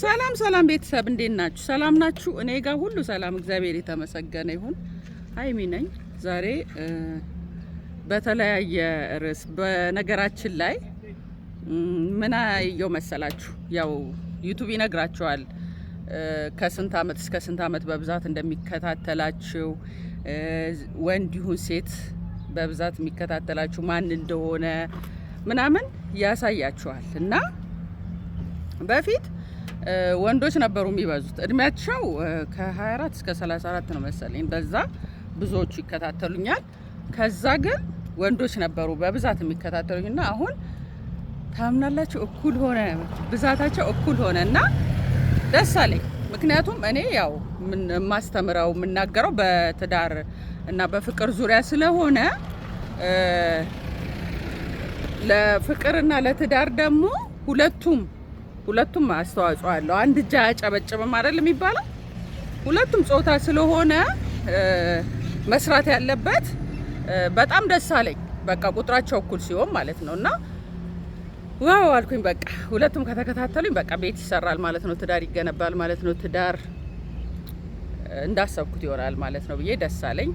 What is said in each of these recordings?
ሰላም ሰላም ቤተሰብ እንዴት ናችሁ? ሰላም ናችሁ? እኔ ጋር ሁሉ ሰላም፣ እግዚአብሔር የተመሰገነ ይሁን። ሀይሚ ነኝ። ዛሬ በተለያየ ርዕስ በነገራችን ላይ ምን አየው መሰላችሁ? ያው ዩቱብ ይነግራችኋል ከስንት አመት እስከ ስንት አመት በብዛት እንደሚከታተላችሁ ወንድ ይሁን ሴት በብዛት የሚከታተላችሁ ማን እንደሆነ ምናምን ያሳያችኋል እና በፊት ወንዶች ነበሩ የሚበዙት። እድሜያቸው ከ24 እስከ 34 ነው መሰለኝ። በዛ ብዙዎቹ ይከታተሉኛል። ከዛ ግን ወንዶች ነበሩ በብዛት የሚከታተሉኝና አሁን ታምናላቸው እኩል ሆነ፣ ብዛታቸው እኩል ሆነ እና ደስ አለኝ። ምክንያቱም እኔ ያው የማስተምረው የምናገረው በትዳር እና በፍቅር ዙሪያ ስለሆነ ለፍቅርና ለትዳር ደግሞ ሁለቱም ሁለቱም አስተዋጽኦ አለው። አንድ እጅ አያጨበጭብም አይደል የሚባለው። ሁለቱም ጾታ ስለሆነ መስራት ያለበት በጣም ደስ አለኝ። በቃ ቁጥራቸው እኩል ሲሆን ማለት ነው እና ዋው አልኩኝ። በቃ ሁለቱም ከተከታተሉኝ በቃ ቤት ይሰራል ማለት ነው፣ ትዳር ይገነባል ማለት ነው፣ ትዳር እንዳሰብኩት ይሆናል ማለት ነው ብዬ ደስ አለኝ።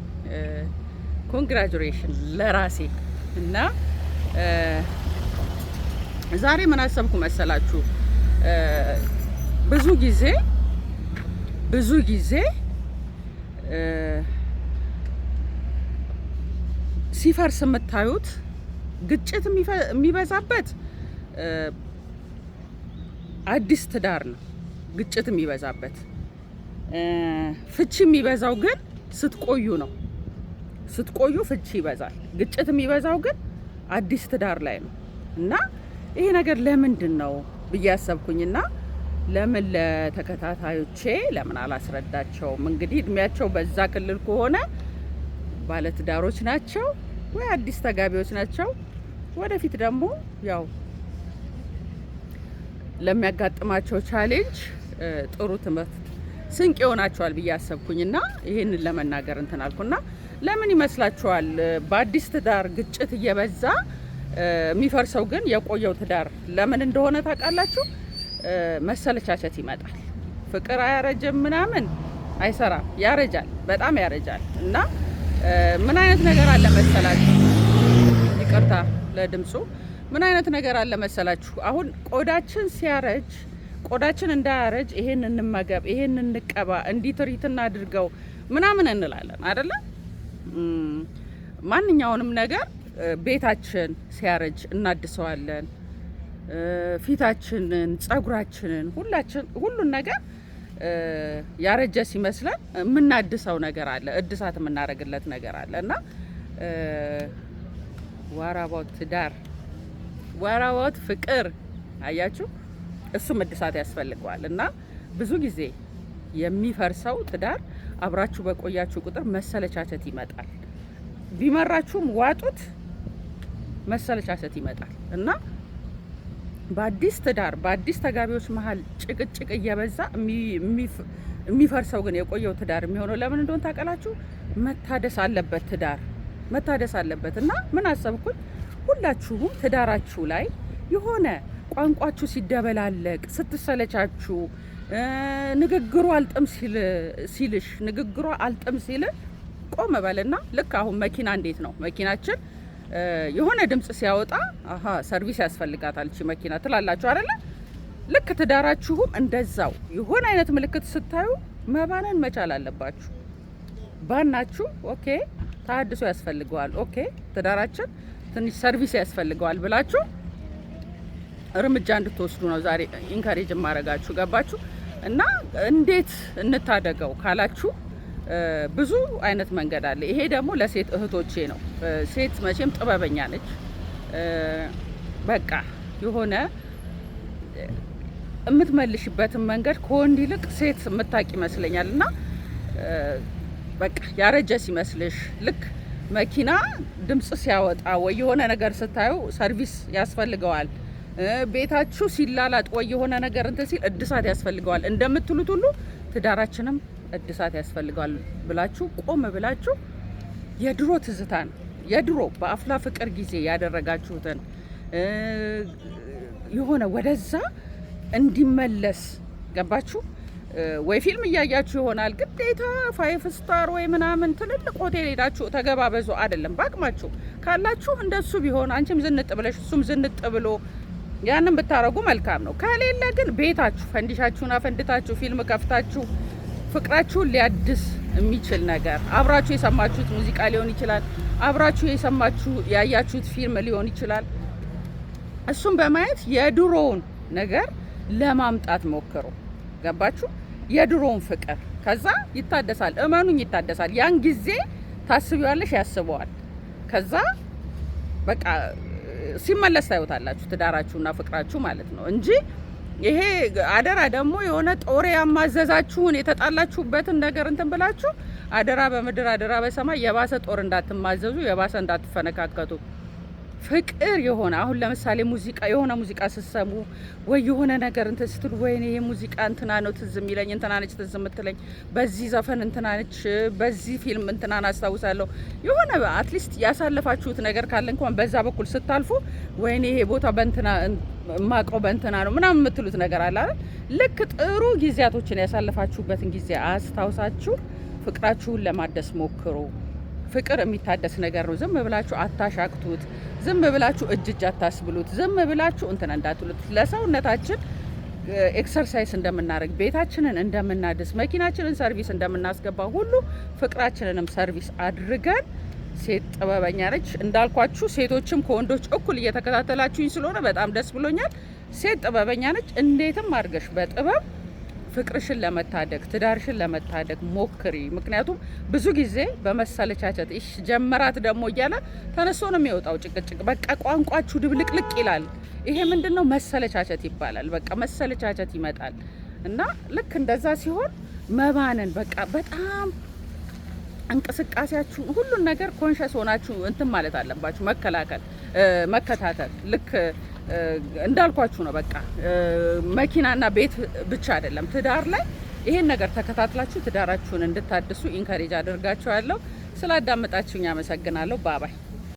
ኮንግራጁሌሽን ለራሴ እና ዛሬ ምን አሰብኩ መሰላችሁ? ብዙ ጊዜ ብዙ ጊዜ ሲፈርስ የምታዩት ግጭት የሚበዛበት አዲስ ትዳር ነው። ግጭት የሚበዛበት ፍቺ የሚበዛው ግን ስትቆዩ ነው። ስትቆዩ ፍቺ ይበዛል። ግጭት የሚበዛው ግን አዲስ ትዳር ላይ ነው እና ይሄ ነገር ለምንድን ነው? ብዬ ያሰብኩኝና ለምን ለተከታታዮቼ ለምን አላስረዳቸውም? እንግዲህ እድሜያቸው በዛ ክልል ከሆነ ባለትዳሮች ናቸው ወይ አዲስ ተጋቢዎች ናቸው። ወደፊት ደግሞ ያው ለሚያጋጥማቸው ቻሌንጅ ጥሩ ትምህርት ስንቅ ይሆናቸዋል ብዬ አሰብኩኝና ይህንን ለመናገር እንትን ለምን ይመስላችኋል በአዲስ ትዳር ግጭት እየበዛ የሚፈርሰው ግን የቆየው ትዳር ለምን እንደሆነ ታውቃላችሁ? መሰለቻቸት ይመጣል። ፍቅር አያረጀም ምናምን አይሰራም፣ ያረጃል፣ በጣም ያረጃል። እና ምን አይነት ነገር አለ መሰላችሁ፣ ይቅርታ ለድምፁ፣ ምን አይነት ነገር አለ መሰላችሁ፣ አሁን ቆዳችን ሲያረጅ ቆዳችን እንዳያረጅ ይሄን እንመገብ፣ ይሄን እንቀባ፣ እንዲህ ትሪት እናድርገው ምናምን እንላለን አይደለም ማንኛውንም ነገር ቤታችን ሲያረጅ እናድሰዋለን። ፊታችንን፣ ጸጉራችንን፣ ሁላችን ሁሉን ነገር ያረጀ ሲመስለን የምናድሰው ነገር አለ፣ እድሳት የምናደርግለት ነገር አለ እና ዋራባውት ትዳር ዋራባውት ፍቅር አያችሁ፣ እሱም እድሳት ያስፈልገዋል እና ብዙ ጊዜ የሚፈርሰው ትዳር አብራችሁ በቆያችሁ ቁጥር መሰለቻቸት ይመጣል። ቢመራችሁም ዋጡት። መሰለቻሰት ይመጣል እና በአዲስ ትዳር በአዲስ ተጋቢዎች መሀል ጭቅጭቅ እየበዛ የሚፈርሰው ግን የቆየው ትዳር የሚሆነው ለምን እንደሆነ ታውቃላችሁ? መታደስ አለበት ትዳር መታደስ አለበት እና ምን አሰብኩኝ፣ ሁላችሁም ትዳራችሁ ላይ የሆነ ቋንቋችሁ ሲደበላለቅ፣ ስትሰለቻችሁ፣ ንግግሩ አልጥም ሲልሽ፣ ንግግሯ አልጥም ሲል ቆም በልና ልክ አሁን መኪና እንዴት ነው መኪናችን የሆነ ድምጽ ሲያወጣ አሀ ሰርቪስ ያስፈልጋታል እቺ መኪና ትላላችሁ አይደለ? ልክ ትዳራችሁም እንደዛው የሆነ አይነት ምልክት ስታዩ መባነን መቻል አለባችሁ። ባናችሁ ኦኬ፣ ተሀድሶ ያስፈልገዋል፣ ኦኬ፣ ትዳራችን ትንሽ ሰርቪስ ያስፈልገዋል ብላችሁ እርምጃ እንድትወስዱ ነው ዛሬ ኢንካሬጅ ማረጋችሁ። ገባችሁ? እና እንዴት እንታደገው ካላችሁ ብዙ አይነት መንገድ አለ። ይሄ ደግሞ ለሴት እህቶቼ ነው። ሴት መቼም ጥበበኛ ነች። በቃ የሆነ የምትመልሽበትን መንገድ ከወንድ ይልቅ ሴት የምታውቅ ይመስለኛል። እና በቃ ያረጀ ሲመስልሽ ልክ መኪና ድምፅ ሲያወጣ ወይ የሆነ ነገር ስታዩ ሰርቪስ ያስፈልገዋል፣ ቤታችሁ ሲላላጥ ወይ የሆነ ነገር እንትን ሲል እድሳት ያስፈልገዋል እንደምትሉት ሁሉ ትዳራችንም እድሳት ያስፈልጋል ብላችሁ ቆም ብላችሁ የድሮ ትዝታን የድሮ በአፍላ ፍቅር ጊዜ ያደረጋችሁትን የሆነ ወደዛ እንዲመለስ ገባችሁ ወይ ፊልም እያያችሁ ይሆናል። ግዴታ ፋይፍ ስታር ወይ ምናምን ትልልቅ ሆቴል ሄዳችሁ ተገባበዙ አይደለም። በአቅማችሁ ካላችሁ እንደሱ ቢሆን አንቺም ዝንጥ ብለሽ እሱም ዝንጥ ብሎ ያንን ብታረጉ መልካም ነው። ከሌለ ግን ቤታችሁ ፈንዲሻችሁን አፈንድታችሁ ፊልም ከፍታችሁ ፍቅራችሁን ሊያድስ የሚችል ነገር አብራችሁ የሰማችሁት ሙዚቃ ሊሆን ይችላል። አብራችሁ የሰማችሁ ያያችሁት ፊልም ሊሆን ይችላል። እሱም በማየት የድሮውን ነገር ለማምጣት ሞክሩ። ገባችሁ? የድሮውን ፍቅር ከዛ ይታደሳል። እመኑኝ ይታደሳል። ያን ጊዜ ታስቢዋለሽ፣ ያስበዋል። ከዛ በቃ ሲመለስ ታዩታላችሁ ትዳራችሁና ፍቅራችሁ ማለት ነው እንጂ ይሄ አደራ ደግሞ የሆነ ጦር ያማዘዛችሁን የተጣላችሁበትን ነገር እንትን ብላችሁ አደራ በምድር አደራ በሰማይ የባሰ ጦር እንዳትማዘዙ፣ የባሰ እንዳትፈነካከቱ። ፍቅር የሆነ አሁን ለምሳሌ ሙዚቃ የሆነ ሙዚቃ ስትሰሙ ወይ የሆነ ነገር እንትን ስትሉ ወይኔ ይሄ እንትና ነው ትዝ የሚለኝ እንትና ነች ትዝ የምትለኝ በዚህ ዘፈን እንትና ነች በዚህ ፊልም እንትናን አስታውሳለሁ። የሆነ አትሊስት ያሳለፋችሁት ነገር ካለ እንኳን በዛ በኩል ስታልፉ ወይኔ ይሄ ቦታ በእንትና ማቀው በእንትና ነው ምናምን የምትሉት ነገር አለ አይደል? ልክ ጥሩ ጊዜያቶችን ያሳለፋችሁበትን ጊዜ አስታውሳችሁ ፍቅራችሁን ለማደስ ሞክሩ። ፍቅር የሚታደስ ነገር ነው። ዝም ብላችሁ አታሻቅቱት። ዝም ብላችሁ እጅ እጅ አታስብሉት። ዝም ብላችሁ እንትን እንዳትሉት። ለሰውነታችን ኤክሰርሳይዝ እንደምናደርግ፣ ቤታችንን እንደምናድስ፣ መኪናችንን ሰርቪስ እንደምናስገባ ሁሉ ፍቅራችንንም ሰርቪስ አድርገን ሴት ጥበበኛ ነች እንዳልኳችሁ፣ ሴቶችም ከወንዶች እኩል እየተከታተላችሁኝ ስለሆነ በጣም ደስ ብሎኛል። ሴት ጥበበኛ ነች። እንዴትም አድርገሽ በጥበብ ፍቅርሽን ለመታደግ ትዳርሽን ለመታደግ ሞክሪ። ምክንያቱም ብዙ ጊዜ በመሰለቻቸት ይሽ ጀመራት ደግሞ እያለ ተነስቶ ነው የሚወጣው ጭቅጭቅ። በቃ ቋንቋችሁ ድብልቅልቅ ይላል። ይሄ ምንድን ነው? መሰለቻቸት ይባላል። በቃ መሰለቻቸት ይመጣል እና ልክ እንደዛ ሲሆን መባንን በቃ በጣም እንቅስቃሴያችሁ ሁሉን ነገር ኮንሸስ ሆናችሁ እንትን ማለት አለባችሁ። መከላከል መከታተል ልክ እንዳልኳችሁ ነው። በቃ መኪናና ቤት ብቻ አይደለም ትዳር ላይ ይሄን ነገር ተከታትላችሁ ትዳራችሁን እንድታድሱ ኢንካሬጅ አድርጋችኋለሁ። ስላዳመጣችሁኝ አመሰግናለሁ። ባባይ